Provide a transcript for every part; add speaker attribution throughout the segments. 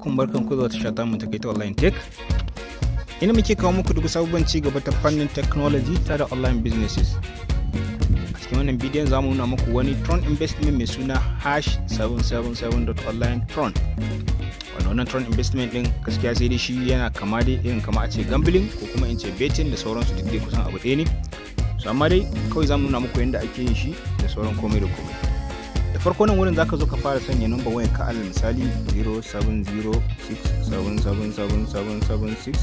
Speaker 1: alaikum barkan ku zuwa tasha ta mu ta kai ta online tech ina muke kawo muku duk sabon ci gaba ta fannin technology ta da online businesses a cikin wannan bidiyon za mu nuna muku wani tron investment mai suna hash 777.online tron wannan tron investment din gaskiya sai dai shi yana kama dai irin kama a ce gambling ko kuma in ce betting da sauransu duk dai kusan abu ɗaya ne so amma dai kawai za mu nuna muku yadda ake yin shi da sauran komai da komai farko nan wurin zaka zo ka fara sanya number wayar ka alal misali 0706777776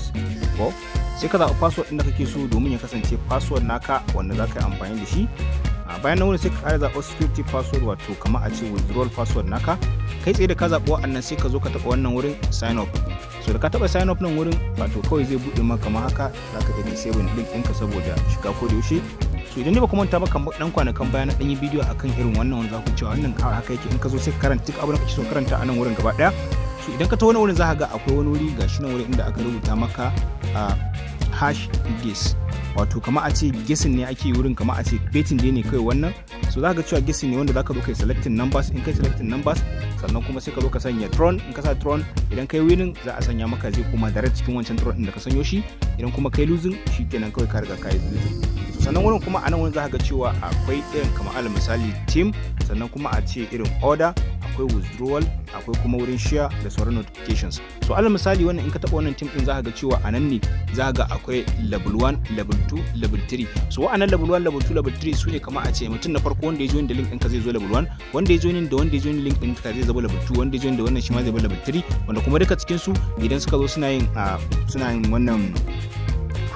Speaker 1: sai ka zaɓi password ɗin da kake so domin ya kasance password naka wanda za ka yi amfani da shi a bayan nan wurin sai ka ƙara zaɓar security password wato kamar a ce withdrawal password naka kai tsaye da ka zaɓi wa'annan sai ka zo ka taɓa wannan wurin sign up so da ka taɓa sign up nan wurin wato kawai zai buɗe maka kamar haka za ka iya 7 ɗin ɗinka saboda shiga ko da yaushe so idan dai ba kuma ta ba dan kwanakan baya na dan yi bidiyo akan irin wannan wanda za ku cewa wannan haka yake in ka zo sai ka karanta duk abin da kake so karanta a nan wurin gaba daya so idan ka ta wani wurin za ka ga akwai wani wuri gashi nan wurin inda aka rubuta maka a hash guess wato kama a ce guessing ne ake wurin kama a ce betting dai ne kai wannan so za ka cewa guessing ne wanda za ka zo kai selecting numbers in kai selecting numbers sannan kuma sai ka zo ka sanya tron in ka sa tron idan kai winning za a sanya maka zai kuma direct cikin wancan tron din da ka sanyo shi idan kuma kai losing shikenan kawai ka riga kai losing sannan wurin kuma a nan wurin za ga cewa akwai irin kamar alal misali team sannan kuma a ce irin order akwai withdrawal akwai kuma wurin share da sauran notifications so alal misali wannan in ka taba wannan team din za ga cewa a nan ne za ga akwai level 1 level 2 level 3 so wa'annan level 1 level 2 level 3 su ne kama a ce mutum na farko wanda ya join da link ɗinka zai zo level 1 wanda ya join da wanda ya join link ɗinka zai zama level 2 wanda ya join da wannan shi ma zai zama level 3 wanda kuma duka cikin su idan suka zo suna yin ah, suna yin wannan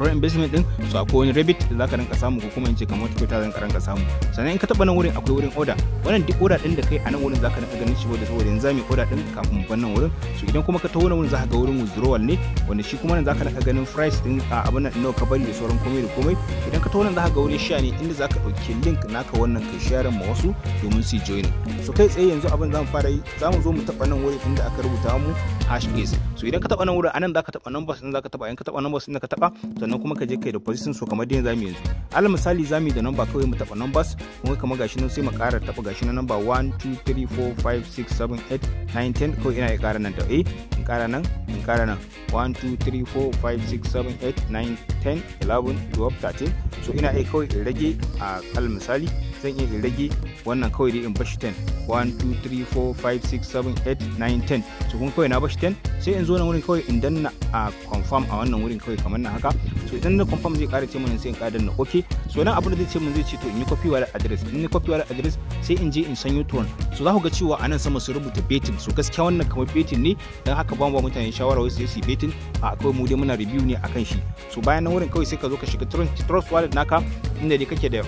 Speaker 1: chrome investment din to akwai wani rabbit da zaka rinka samu ko kuma in ce kamar twitter zan karanka samu sannan in ka taba nan wurin akwai wurin order wannan duk order din da kai a nan wurin zaka rinka ganin shi wanda saboda yanzu zamu order din kafin mu bar nan wurin so idan kuma ka taho nan wurin zaka ga wurin withdrawal ne wanda shi kuma nan zaka rinka ganin price din a abin nan nawa ka bari da sauran komai da komai idan ka taho nan zaka ga wurin share ne inda zaka dauki link naka wannan kai share ma wasu domin su join so kai tsaye yanzu abin zamu fara yi zamu zo mu taba nan wurin inda aka rubuta mu hash case so idan ka taba nan wurin anan zaka taba numbers din zaka taba in ka taba numbers din ka taba to sannan kuma ka je kai da position so kamar dai zamu yanzu alal misali zamu da number kawai mu taba numbers kun ga kamar gashi nan sai mu ƙara taba gashi nan number 1 2 3 4 5 6 7 8 9 10 kawai ina ya ƙara nan da eh in ƙara nan in ƙara nan 1 2 3 4 5 6 7 8 9 10 11 12 13 so ina ai kawai rage a alal misali zan iya rage wannan kawai dai in bashi 10 1 2 3 4 5 6 7 8 9 10 so kun kawai na bashi 10 sai in zo nan wurin kawai in danna a confirm a wannan wurin kawai kamar nan haka to idan na confirm zai kare ce mun sai in ƙara na okay so nan abin da zai ce mun zai ce to in yi copy wala adres in yi kwafi wala adres sai in je in sanyo turon so za ku ga cewa anan sama su rubuta betting so gaskiya wannan kamar betting ne dan haka ba mu mutane shawara wasu su betting a akwai mu dai muna review ne akan shi so bayan nan wurin kawai sai ka zo ka shiga trust wallet naka inda dai kake da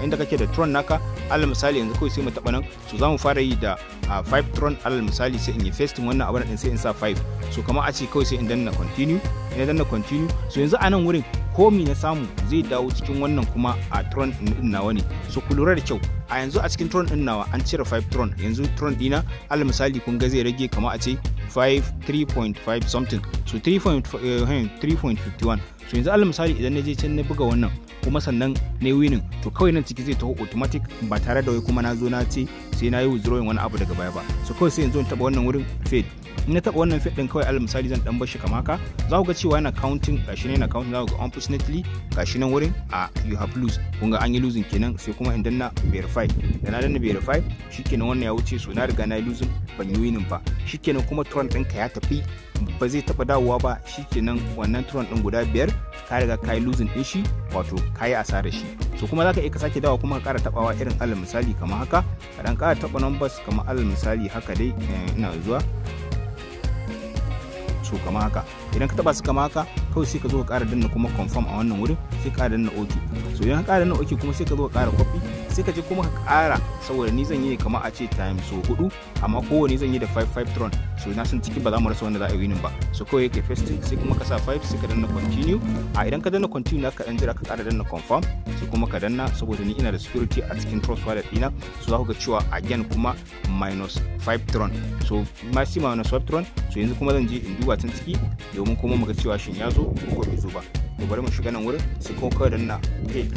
Speaker 1: inda kake da tron naka alal misali yanzu kawai sai mu taba nan so za mu fara yi da 5 tron alal misali sai in yi festin wannan abin din sai in sa 5 so kamar a ce kawai sai in danna continue in danna continue so yanzu a nan wurin komi na samu zai dawo cikin wannan kuma a tron din nawa ne so ku lura da kyau a yanzu a cikin tron din nawa an cire 5 tron yanzu tron dina al misali kun ga zai rage kama a ce 5 3.5 something so 3.51 eh, eh, so yanzu al misali idan na je can na buga wannan kuma sannan na yi winning to kawai nan ciki zai taho automatic ba tare da wai kuma na zo na ce sai na yi withdrawing wani abu daga baya ba so kawai sai yanzu zo in taɓa wannan wurin fade in na taba wannan fade ɗin kawai alal misali zan ɗan bashi kamaka za ku ga cewa yana counting gashi ne yana counting za ku ga unfortunately gashi nan wurin a you have lose kun ga an yi losing kenan sai kuma in danna verify da na danna verify shikenan wannan ya wuce so na riga na yi losing ban yi winning ba shikenan kuma turan ka ya tafi ba zai taba dawowa ba shikenan wannan turan din guda biyar ka riga ka yi losing din shi wato ka yi asarar shi so kuma zaka iya ka sake dawa kuma ka kara tabawa irin alal misali kamar haka ka dan kara taba numbers kamar alal misali haka dai eh, ina zuwa so kamar haka idan ka taba su kamar haka kawai sai ka zo ka kara danna kuma confirm a wannan wurin sai ka kara danna okay so idan ka kara danna okay kuma sai ka zo ka kara copy sai ka je kuma ka ƙara saboda ni zan yi ne kamar a ce time so hudu amma kowane zan yi da 5-5 tron so na san ciki ba za mu rasa wanda za a yi ba so kawai kai first sai kuma ka sa 5 sai ka danna continue a idan ka danna continue na ka dan jira ka ƙara danna confirm sai kuma ka danna saboda ni ina da security a cikin trust wallet dina so za ku ga cewa again kuma minus 5 tron so masi minus 5 tron so yanzu kuma zan je in duba can ciki domin kuma mu ga cewa shin ya zo ko bai zo ba to bari mu shiga nan wurin sai kuma ka danna paid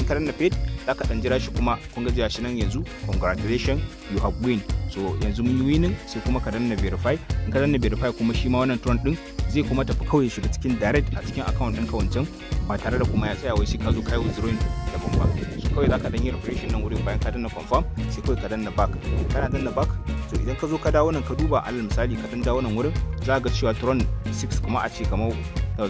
Speaker 1: in ka danna paid zaka dan jira shi kuma kun ga shi nan yanzu congratulations you have win so yanzu mun yi winning sai kuma ka danna verify in ka danna verify kuma shi ma wannan tron din zai kuma tafi kawai shiga cikin direct a cikin account ɗinka wancan ba tare da kuma ya tsaya wai shi ka zo kai withdrawing da ban ba so kawai zaka dan yi refreshing nan wurin bayan ka danna confirm sai kawai ka danna back kana danna back so idan ka zo ka dawo nan ka duba alal misali ka dan dawo nan wurin za ga cewa tron 6 kuma a ce kamar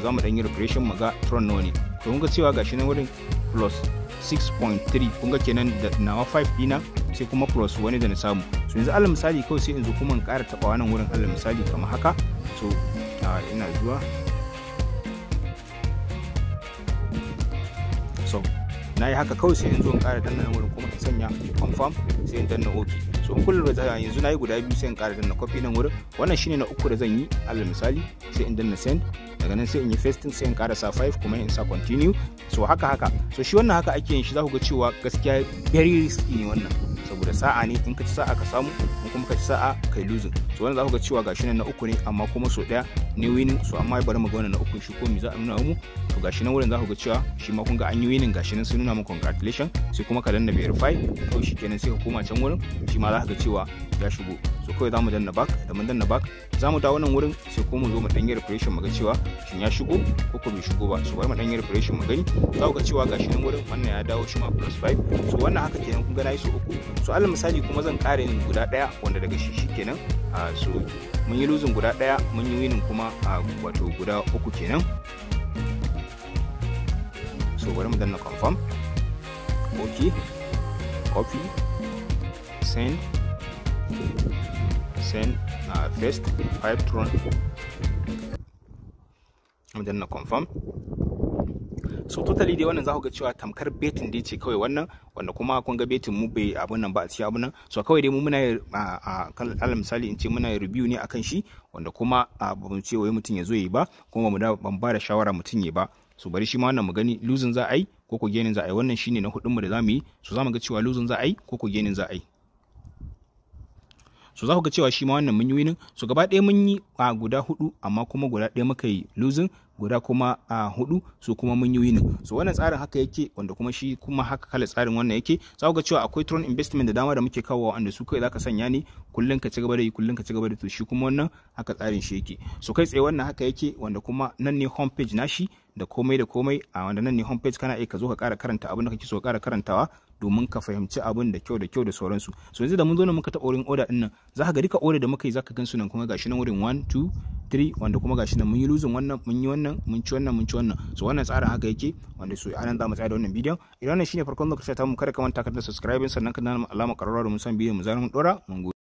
Speaker 1: za mu dan yi refreshing mu ga tron nawa ne to mun ga cewa gashi nan wurin plus 6.3 kunga kenan da nawa 5 dina sai kuma plus wani da na samu so yanzu alal misali kawai sai yanzu kuma in ƙara taɓa wannan wurin alal misali kamar haka so ina zuwa so na yi haka kawai sai yanzu zo in ƙara danna wurin kuma in sanya confirm sai in danna ok so in kullum yanzu na yi guda biyu sai in kara danna copy nan wurin wannan shine na uku da zan yi alal misali sai in danna send daga nan sai in yi pasting sai in kara sa 5 kuma in sa continue so haka haka so shi wannan haka ake yin shi za ku ga cewa gaskiya very risky ne wannan saboda sa'a ne in ka ci sa'a ka samu in kuma ka ci sa'a kai losing so wannan za ku ga cewa gashi nan na uku ne amma kuma so daya ne winning so amma bari mu ga wannan na uku shi ko me za a nuna mu to gashi nan wurin za ku ga cewa shi ma kun ga an yi winning gashi nan sun nuna mu congratulations sai kuma ka danna verify to kenan sai ka koma can wurin shi ma za ku ga cewa ya shigo so kawai za mu danna back da mun danna back za mu dawo nan wurin sai ko mu zo mu danyi refreshin mu ga cewa shin ya shigo ko ko bai shigo ba so bari mu danyi refreshin mu gani za ku ga cewa gashi nan wurin wannan ya dawo shi ma plus 5 so wannan haka kenan kun ga nayi so uku so alal misali kuma zan kare ni guda daya wanda daga shi shikenan a ah, so mun yi losing guda daya mun yi winning kuma a ah, wato guda uku kenan so bari mu danna confirm okay copy send send uh, first tron then na confirm so totally dai wannan za ku ga cewa tamkar betin dai ce kawai wannan wanda kuma kun ga betin mu bai abun nan ba a ci abun nan so kawai dai mu muna yi alal misali in ce muna review ne akan shi wanda kuma ba mu ce wai mutum ya zo yi ba kuma mu da ban ba da shawara mutum ya ba so bari shi ma wannan mu gani losing za a yi ko ko genin za a yi wannan shine na hudun mu da za mu yi so za mu ga cewa losing za a yi ko ko genin za a yi so za ku ga cewa shi ma wannan mun yi winning so gaba ɗaya mun yi a ah, guda hudu amma kuma guda ɗaya muka yi losing guda kuma a hudu su kuma mun yi winning so wannan tsarin haka yake wanda kuma shi kuma haka kala tsarin wannan yake za ga cewa akwai tron investment da dama da muke kawo wanda su kai zaka sanya ne kullun ka ci gaba da yi kullun ka ci gaba da to shi kuma wannan haka tsarin shi yake so kai tsaye wannan haka yake wanda kuma nan ne homepage nashi da komai da komai a wanda nan ne homepage kana aika ka zo ka ƙara karanta abin da kake so ka ƙara karantawa domin ka fahimci abin da kyau da kyau da sauransu so yanzu da mun zo ne muka taɓa wurin order ɗin nan za ka ga duka order da muka yi za ka gan su nan kuma gashi nan wurin 1 2 3 wanda kuma gashi nan mun yi losing wannan mun yi wannan mun ci wannan mun ci wannan so wannan tsarin haka yake wanda so anan za mu tsaya da wannan bidiyon idan wannan shine farkon lokaci ta mu kada ka manta ka da sannan ka nuna alamar kararrawa mun san bidiyon mu zanen mun dora mun